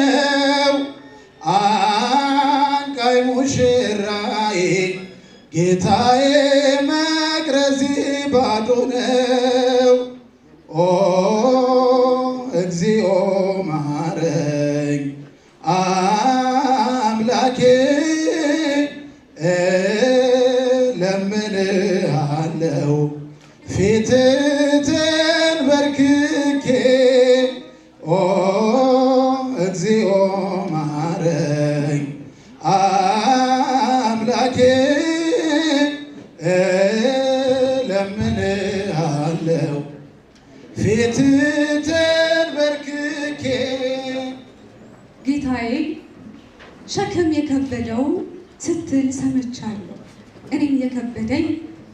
ነው አንቃይ ሙሽራዬ ጌታዬ ሸክም የከበደው ስትል ሰምቻለሁ። እኔም የከበደኝ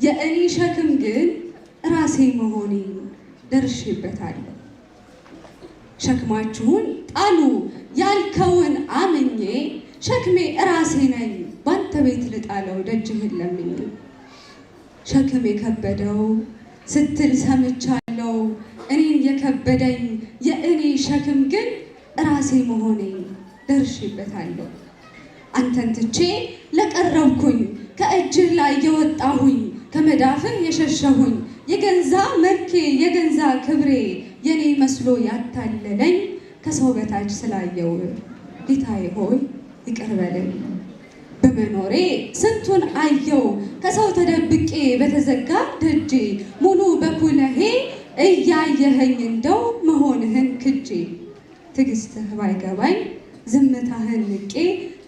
የእኔ ሸክም ግን ራሴ መሆኔ ደርሼበታለሁ። ሸክማችሁን ጣሉ ያልከውን አምኜ ሸክሜ እራሴ ነኝ ባንተ ቤት ልጣለው ደጅህን ለምኜ ሸክም የከበደው ስትል ሰምቻለሁ። እኔን የከበደኝ የእኔ ሸክም ግን ራሴ መሆኔ ደርሼበታለሁ። አንተን ትቼ ለቀረብኩኝ ከእጅህ ላይ የወጣሁኝ ከመዳፍህ የሸሸሁኝ የገንዛ መልኬ የገንዛ ክብሬ የኔ መስሎ ያታለለኝ ከሰው በታች ስላየው ጌታዬ ሆይ ይቅር በመኖሬ ስንቱን አየው ከሰው ተደብቄ በተዘጋ ደጄ ሙሉ በኩለሄ እያየኸኝ እንደው መሆንህን ክጄ ትግስትህ ባይገባኝ ዝምታህን ንቄ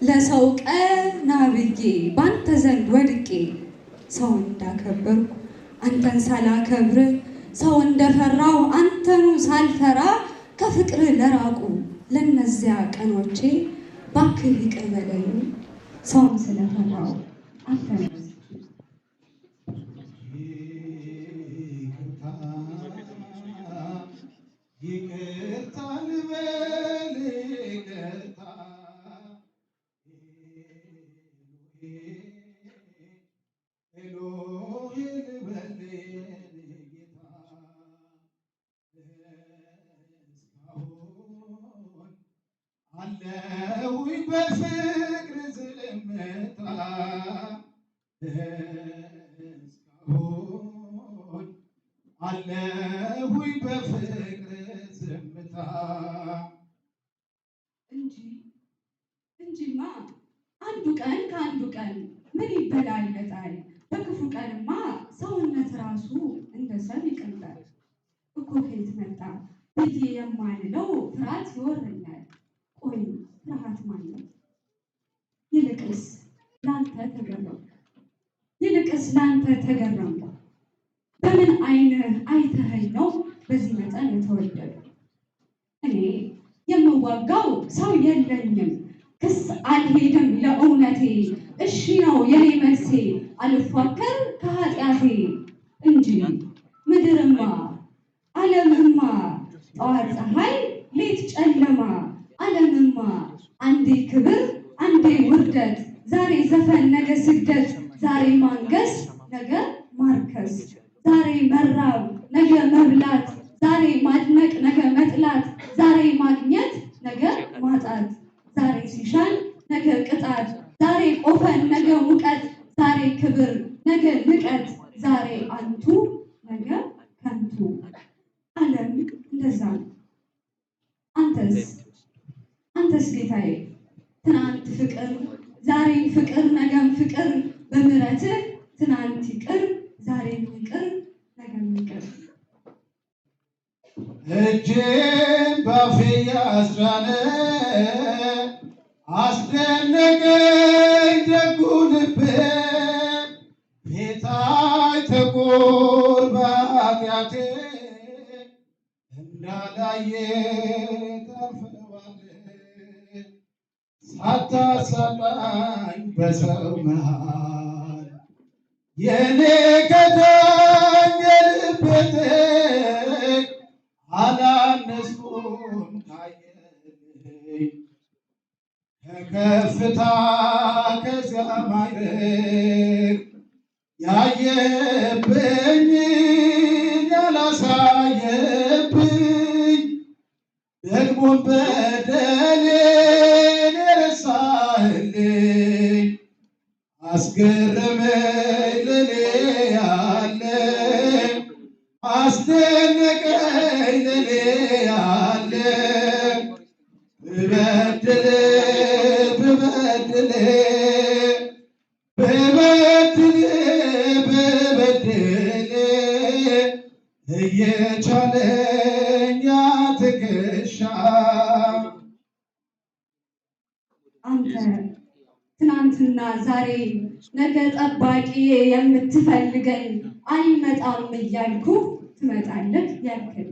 ለሰው ቀና ብዬ ባንተ ዘንድ ወድቄ ሰው እንዳከበርኩ አንተን ሳላከብር ሰው እንደፈራው አንተኑ ሳልፈራ ከፍቅር ለራቁ ለነዚያ ቀኖቼ ባክ ይቅር በለኝ ሰውን ስለፈራው አንተን ኤሎሄ ልበል ጌታ እስካሁን አለሁኝ በፍቅር ዝምታ እስካሁን አለሁኝ በፍቅር ዝምታ እንጂ እንጂማ አንዱ ቀን ከአንዱ ቀን ምን ይበላለጣል? ራሱ እንደ ሰው ይቀምጣል። እኮ ከየት መጣ ብዬ የማልለው ፍርሃት ይወረኛል። ቆይ ፍርሃት ማለት ይልቅስ ላንተ ተገረምኩ፣ ይልቅስ ላንተ ተገረምኩ። በምን አይነ አይተኸኝ ነው በዚህ መጠን የተወደዱ? እኔ የምዋጋው ሰው የለኝም፣ ክስ አልሄድም ለእውነቴ። እሺ ነው የኔ መልሴ፣ አልፏከር እንደዛ ነው። አንተስ አንተስ ጌታዬ ትናንት ፍቅር፣ ዛሬ ፍቅር፣ ነገም ፍቅር፣ በምረት ትናንት ይቅር፣ ዛሬ ይቅር፣ ነገም ይቅር እጅን ባፌ ያዝራነ አታሰማኝ በሰው መሃል የኔ ገዳኝ የልቤ አላነስኩም ካየኸኝ ከከፍታ ከዚያ ማይረግ ያየብኝን ያላሳየብኝ ደግሞም በደሌ አስገረመኝ ለኔ ያለ አስደነቀኝ ለኔ ያለ ብበድል ብበድል ብበድል ብበድል እየቻለኝ ትከሻ አንተ ትናንትና ዛሬ ነገ ጠባቂ የምትፈልገኝ አይመጣም እያልኩ ትመጣለህ ያልከኝ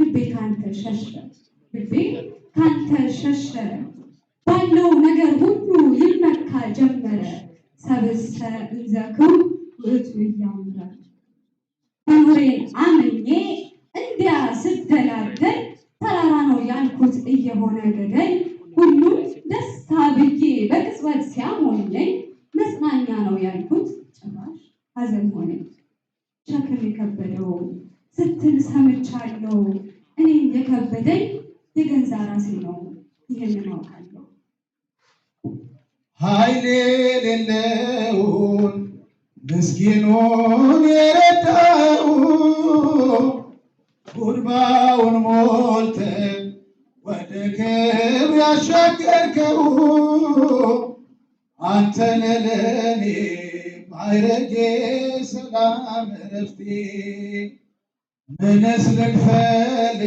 ልቤ ካንተ ሸሸ ልቤ ካንተ ሸሸ ባለው ነገር ሁሉ ይመካ ጀመረ ሰብሰ እንዘክሙ ውእቱ እያምረ መኖሬን አምኜ እንዲያ ስደላደል ተራራ ነው ያልኩት እየሆነ ገደል በቅጽበት ሲያሞኘኝ መጽናኛ ነው ያልኩት ጭራሽ ሀዘን ሆነ። ሸክም የከበደው ስትል ሰምቻለሁ። እኔ የከበደኝ የገንዛ ራሴ ነው፣ ይህን አውቃለሁ። ኃይል ሌለውን ምስኪኑን የረዳው ጉድባውን ሞልተ ወደ ግብ ያሻገርከው አንተነ ለኔ ማዕረጌ ሰላም እረፍቴ ምንስ ልክፈል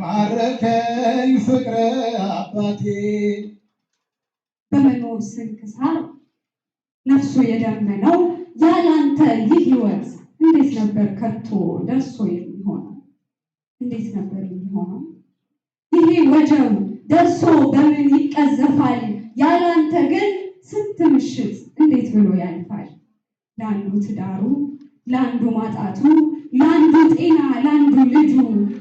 ማረከኝ ፍቅረ አባቴ። በመኖር ስንክሳር ነፍሱ የደመነው ያላንተ ይህ ህይወት እንዴት ነበር ከቶ ደርሶ የሚሆነው? እንዴት ነበር የሚሆነው? ይሄ ወጀው ደርሶ በምን ይቀዘፋል? ብሎ ያልፋል። ለአንዱ ትዳሩ፣ ለአንዱ ማጣቱ፣ ለአንዱ ጤና፣ ለአንዱ ልጁ፣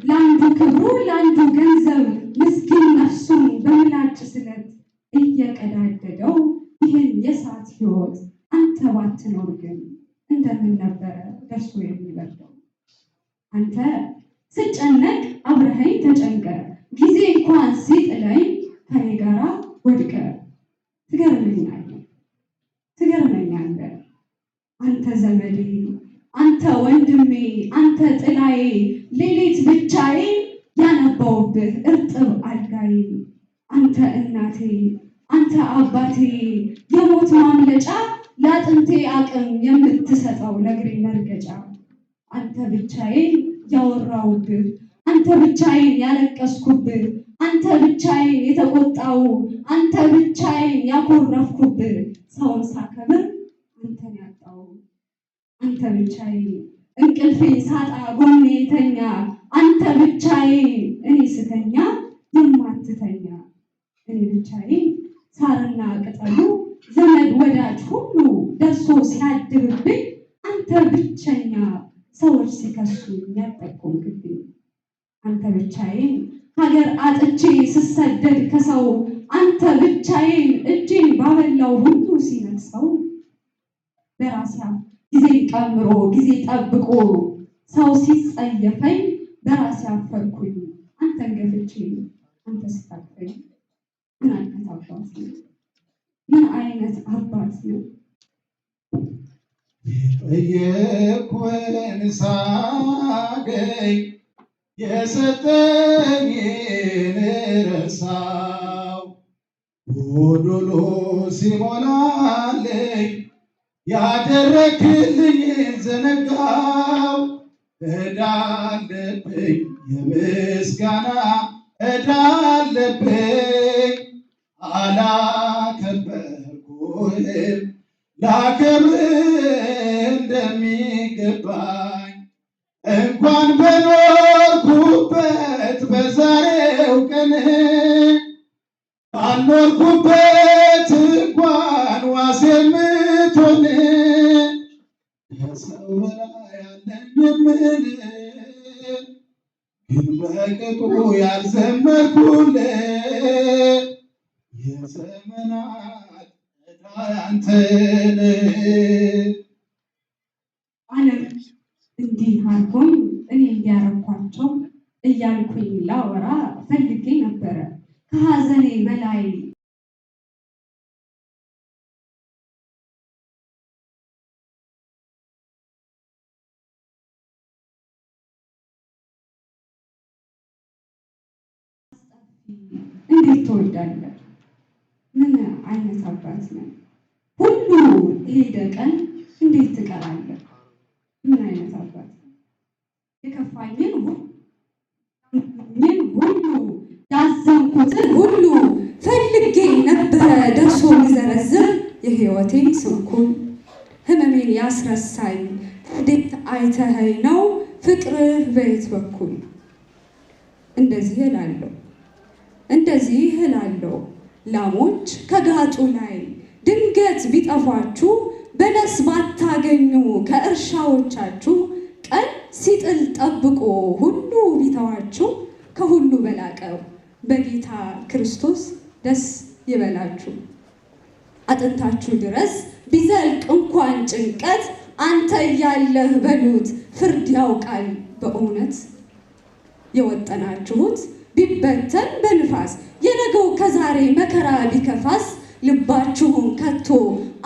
ለአንዱ ክብሩ፣ ለአንዱ ገንዘብ ምስኪን ነፍሱን በምላጭ ስለት እየቀዳደደው ይህን የእሳት ሕይወት አንተ ባትኖር ግን እንደምን ነበረ ደርሶ የሚበርደው? አንተ ስጨነቅ አብረኸኝ ተጨንቀ ጊዜ እንኳን ሲ አልጋዬ ሌሊት ብቻዬ ያነባውብህ እርጥብ አልጋዬ አንተ እናቴ አንተ አባቴ የሞት ማምለጫ ለአጥንቴ አቅም የምትሰጠው ለእግሬ መርገጫ አንተ ብቻዬ ያወራውብህ አንተ ብቻዬን ያለቀስኩብህ አንተ ብቻዬን የተቆጣው አንተ ብቻዬን ያኮረፍኩብህ ሰውን ሳከብር አንተን ያጣው አንተ ብቻዬ እንቅልፌ ሳጣ ጎኔ ተኛ አንተ ብቻዬ እኔ ስተኛ የማትተኛ እኔ ብቻዬ ሳርና ቅጠሉ ዘመድ ወዳጅ ሁሉ ደርሶ ሲያድርብኝ አንተ ብቸኛ ሰዎች ሲከሱ ያጠቆምክብኝ አንተ ብቻዬ ሀገር አጥቼ ስሰደድ ከሰው አንተ ብቻዬን እጄን ባበላው ሁሉ ሲነቅሰው በራሴ ጊዜ ቀምሮ ጊዜ ጠብቆ ሰው ሲጸየፈኝ በራሴ አፈርኩኝ አንተን ገፍቼ አንተ ስታፈኝ ምን አይነት አባት ነው? ምን አይነት አባት ነው? እየኩን ሳገኝ የሰጠኝን ረሳው ጎዶሎ ሲሞላልኝ ያደረክልኝ ዘነጋው እዳ የምስጋና እዳለብኝ አለብኝ አላከበርኩህም ላከብርህ እንደሚገባኝ እንኳን በኖርኩበት በዛሬው ቀን ባልኖርኩበት ከሰው በላይ አለን ግን በቅጡ ያልዘመርኩልህ የዘመናት ዕዳ ያንተን እንዲህ አርጎኝ እኔ እንዲያረኳቸው እያልኩኝ ላወራ ፈልጌ ነበረ ከሀዘኔ በላይ እንዴት ትወልዳለህ? ምን አይነት አባት ነህ? ሁሉ የሄደ ቀን እንዴት ትቀራለህ? ምን አይነት አባት ነህ? የከፋኝን ሁሉ ያዘንኩትን ሁሉ ፈልጌ ነበረ ደርሶ የሚዘረዝር የህይወቴን ስንኩል ህመሜን ያስረሳኝ እንዴት አይተኸኝ ነው ፍቅርህ በየት በኩል እንደዚህ እላለሁ። እንደዚህ እላለሁ። ላሞች ከጋጡ ላይ ድንገት ቢጠፏችሁ፣ በለስ ባታገኙ ከእርሻዎቻችሁ፣ ቀን ሲጥል ጠብቆ ሁሉ ቢተዋችሁ፣ ከሁሉ በላቀው በጌታ ክርስቶስ ደስ ይበላችሁ። አጥንታችሁ ድረስ ቢዘልቅ እንኳን ጭንቀት፣ አንተ እያለህ በሉት ፍርድ ያውቃል በእውነት የወጠናችሁት ቢበተን በንፋስ የነገው ከዛሬ መከራ ቢከፋስ ልባችሁን ከቶ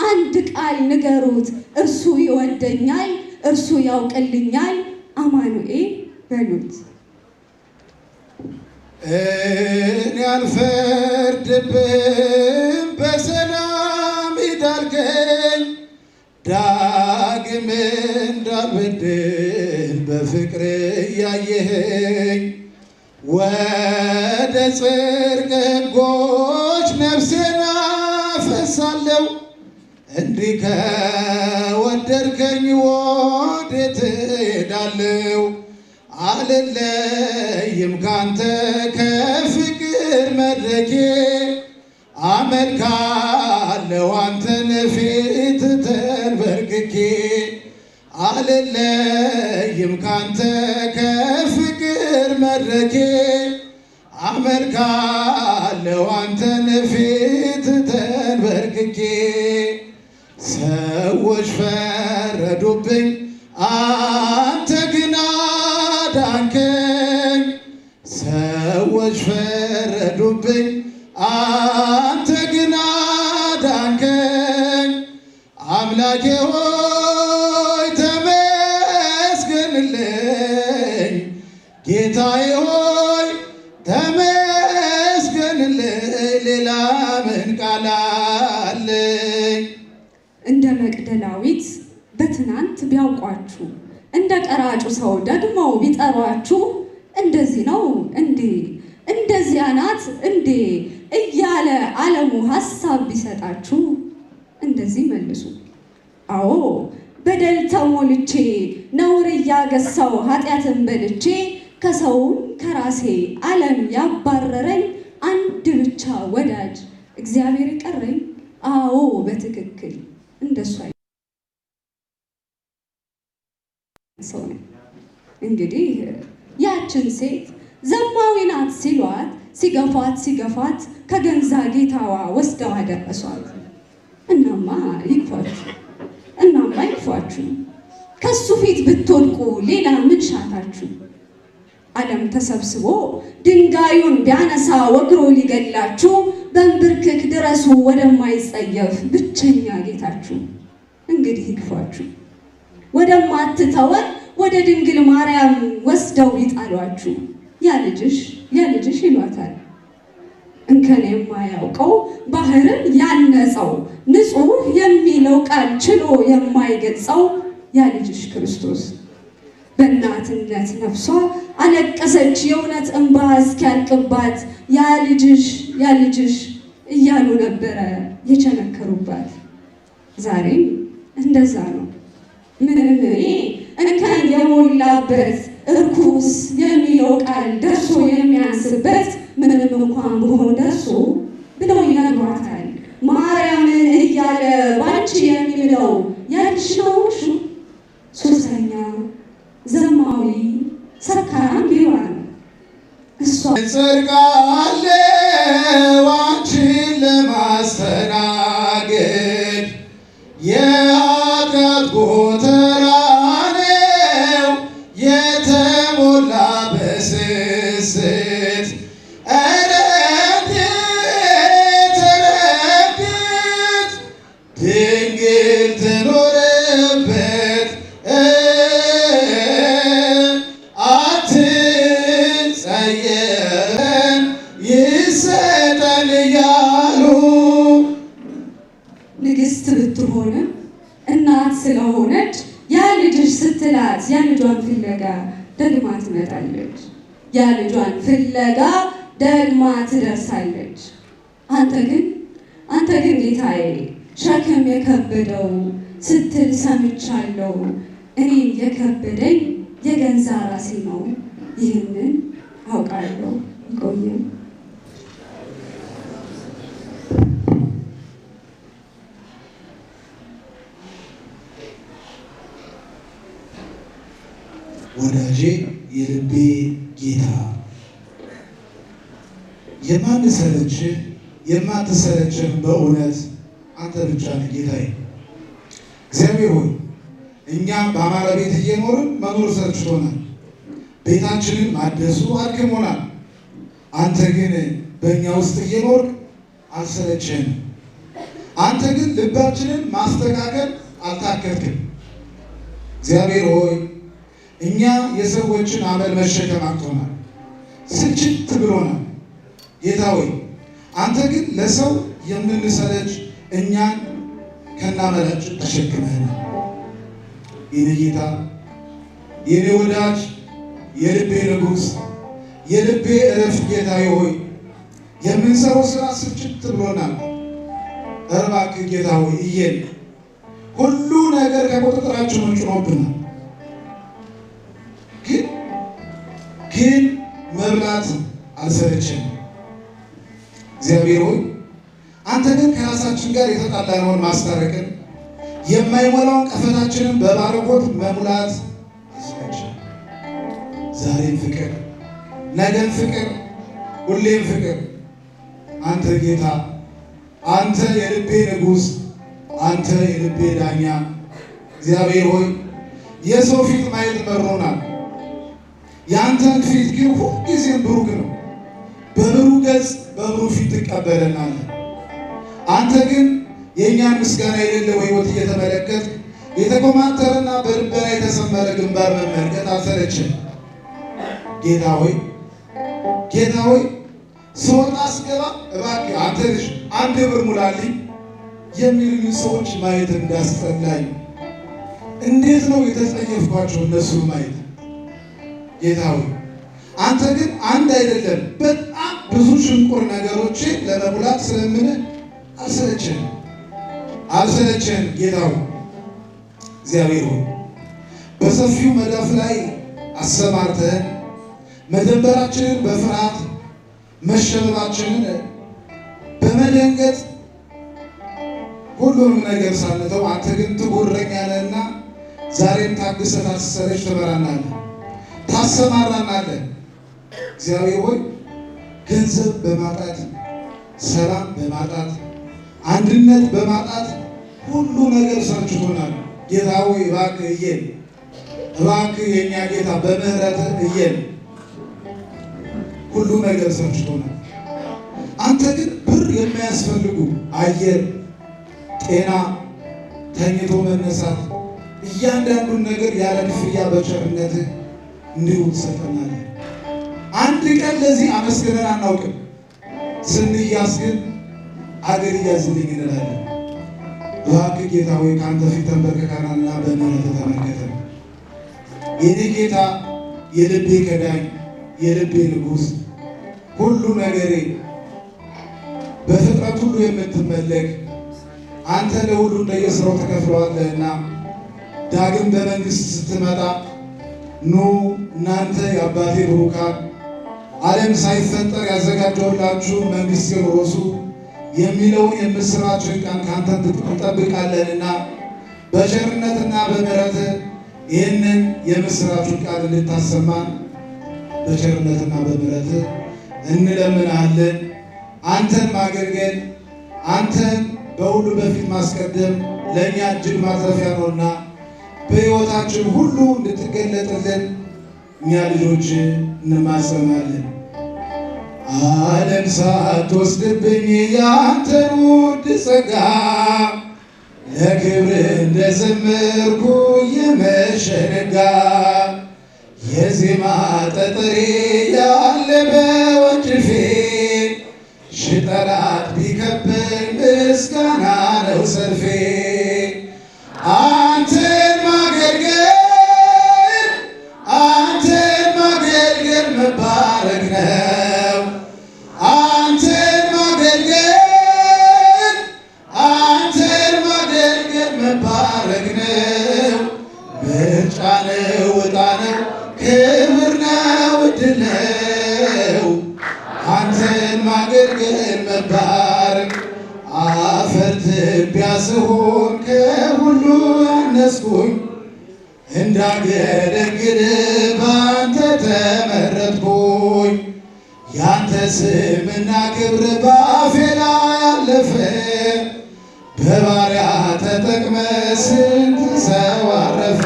አንድ ቃል ንገሩት፣ እርሱ ይወደኛል፣ እርሱ ያውቅልኛል፣ አማኑኤ በሉት። እኔ አልፈርድብም በሰላም ይዳርገኝ ዳግም እንዳልበድል በፍቅር እያየህ ወደ ጽርቅ ሕጎች ነፍሴን አፈሳለሁ። እንዲህ ከወደድከኝ ወዴት እሄዳለሁ? አልለይም ካንተ ከፍቅር መድረኬ አመልካለሁ አንተን ፊት ተንበርክኬ አልለይም ካንተ አምላኬ አመልካለሁ አንተን ፊት ተንበርክኬ ሰዎች ፈረዱብኝ አንተ ግን አዳንከኝ። ሰዎች ፈረዱብኝ አንተ ግን አዳንከኝ አምላኬ መቅደላዊት በትናንት ቢያውቋችሁ እንደ ቀራጩ ሰው ደግሞ ቢጠሯችሁ እንደዚህ ነው እንዴ እንደዚያ ናት እንዴ እያለ ዓለሙ ሀሳብ ቢሰጣችሁ እንደዚህ መልሱ። አዎ በደል ተሞልቼ ነውር እያገሳው ኃጢአትን በልቼ ከሰውም ከራሴ ዓለም ያባረረኝ አንድ ብቻ ወዳጅ እግዚአብሔር ይቀረኝ አዎ በትክክል እንደሱ ሰው ነው። እንግዲህ ያችን ሴት ዘማዊ ናት ሲሏት ሲገፏት ሲገፏት ከገንዛ ጌታዋ ወስደው አደረሷት። እናማ ይግፏችሁ፣ እናማ ይግፏችሁ። ከሱ ፊት ብትወድቁ ሌላ ምን ሻታችሁ? ዓለም ተሰብስቦ ድንጋዩን ቢያነሳ ወግሮ ሊገላችሁ በንብርክክ ድረሱ ወደማይጸየፍ ብቸኛ ጌታችሁ። እንግዲህ ይግፏችሁ፣ ወደማትተወን ወደ ድንግል ማርያም ወስደው ይጣሏችሁ። ያልጅሽ ያልጅሽ ይሏታል። እንከን የማያውቀው ባህርን ያነጸው ንጹሕ የሚለው ቃል ችሎ የማይገልጸው ያልጅሽ ክርስቶስ በእናትነት ነፍሷ አለቀሰች የእውነት እንባ እስኪያልቅባት ያ ልጅሽ ያ ልጅሽ እያሉ ነበረ የቸነከሩባት። ዛሬም እንደዛ ነው። ምንም እንከን የሞላበት እርኩስ የሚለው ቃል ደርሶ የሚያንስበት ምንም እንኳን ብሆን ደርሶ ብለው ይነግሯታል። ማርያምን እያለ ባንቺ የሚለው ያልሽ ነው ሹ ሶስተኛ ዘማዊ ሰካራም ቢሆናል እሷ ጽርቃለ ዋንችን ለማስተናገድ የአቀት ቦታ እኔ የከበደኝ የገንዛ ራሴ ነው። ይህንን አውቃለሁ። ይቆየም ወዳጄ የልቤ ጌታ የማንሰለችህ የማትሰለችህ በእውነት አንተ ብቻ ነህ ጌታዬ እግዚአብሔር ሆይ እኛ በአማረ ቤት እየኖርን መኖር ሰልችቶናል። ቤታችንን ማደሱ አድክሞናል። አንተ ግን በእኛ ውስጥ እየኖርክ አልሰለችህም። አንተ ግን ልባችንን ማስተካከል አልታከልክም። እግዚአብሔር ሆይ እኛ የሰዎችን አመል መሸከም አቅቶናል፣ ስልችት ብሎናል። ጌታ ሆይ አንተ ግን ለሰው የምንሰለች እኛን ከናመላችን ተሸክመህናል። የኔ ጌታ፣ የኔ ወዳጅ፣ የልቤ ንጉሥ፣ የልቤ እረፍት ጌታዬ ሆይ የምንሰራው ስራ ስልችት ብሎናል። እርባክ ጌታ ሆይ እየን ሁሉ ነገር ከቁጥጥራችን ውጭ ሆኖብናል። ግን ግን መብላት አልሰለችም። እግዚአብሔር ሆይ አንተ ግን ከራሳችን ጋር የተጣላነውን ማስታረቅን የማይሞላውን ቀፈታችንን በባረጎት መሙላት ይስፈቻል። ዛሬም ፍቅር፣ ነገም ፍቅር፣ ሁሌም ፍቅር። አንተ ጌታ፣ አንተ የልቤ ንጉሥ፣ አንተ የልቤ ዳኛ እግዚአብሔር ሆይ የሰው ፊት ማየት መሮናል። የአንተን ፊት ግን ሁልጊዜም ብሩክ ነው። በብሩህ ገጽ በብሩ ፊት ትቀበለናለህ። አንተ ግን የእኛን ምስጋና የሌለው ህይወት እየተመለከት የተኮማተረና በድንበራ የተሰመረ ግንባር መመልከት አልሰለችም። ጌታ ሆይ ጌታ ሆይ ስወጣ ስገባ እባክህ አንተ ልጅ አንድ ብር ሙላልኝ የሚሉኝ ሰዎች ማየት እንዳስጠላኝ፣ እንዴት ነው የተጸየፍኳቸው እነሱ ማየት። ጌታ ሆይ አንተ ግን አንድ አይደለም በጣም ብዙ ሽንቁር ነገሮችን ለመሙላት ስለምን አልሰለችም። አልሰለቸን ጌታው እግዚአብሔር ሆይ በሰፊው መዳፍ ላይ አሰማርተ መደንበራችንን በፍርሃት መሸበባችንን በመደንገጥ ሁሉንም ነገር ሳንተው አንተ ግን ያለና ዛሬም ታግሰ ታስሰረች ትመራናለ ታሰማራናለህ። እግዚአብሔር ሆይ ገንዘብ በማጣት ሰላም በማጣት አንድነት በማጣት ሁሉ ነገር ሰርችሁ ጌታዊ ጌታ እየን፣ እባክህ የኛ ጌታ በመህረት እየን። ሁሉ ነገር ሰርችሁ አንተ ግን ብር የማያስፈልጉ አየር፣ ጤና፣ ተኝቶ መነሳት፣ እያንዳንዱን ነገር ያለ ክፍያ በቸርነትህ እንዲሁ ትሰጠናል። አንድ ቀን ለዚህ አመስግነን አናውቅም። ስንያስ ግን አገር እያዝልኝ እንላለን። እባክህ ጌታ ሆይ ከአንተ ፊት ተንበርክከናልና በምህረት ተመልከተን። የኔ ጌታ፣ የልቤ ከዳኝ፣ የልቤ ንጉሥ፣ ሁሉ ነገሬ፣ በፍጥረት ሁሉ የምትመለክ አንተ ለሁሉ እንደየሥራው ተከፍለዋለህና ዳግም በመንግሥት ስትመጣ ኑ እናንተ የአባቴ ብሩካን ዓለም ሳይፈጠር ያዘጋጀውላችሁ መንግሥት የወረሱ የሚለውን የምስራችን ቃል ካንተ እንጠብቃለንና በቸርነትና በምሕረት ይህንን የምስራችን ቃል እንድታሰማን በቸርነትና በምሕረት እንለምናለን። አንተን ማገልገል አንተን በሁሉ በፊት ማስቀደም ለእኛ እጅግ ማትረፊያ ነውና በሕይወታችን ሁሉ እንድትገለጥልን እኛ ልጆች እንማጸናለን። ዓለም ሳትወስድብኝ ያንተን ውድ ጸጋ ለክብር እንደዘመርኩ የመሸነጋ የዜማ ጠጠሬ ያለ በወንጭፌ ሽጠራት ቢከበኝ ምስጋና ነው ሰልፌ ስንት ሰው አረፈ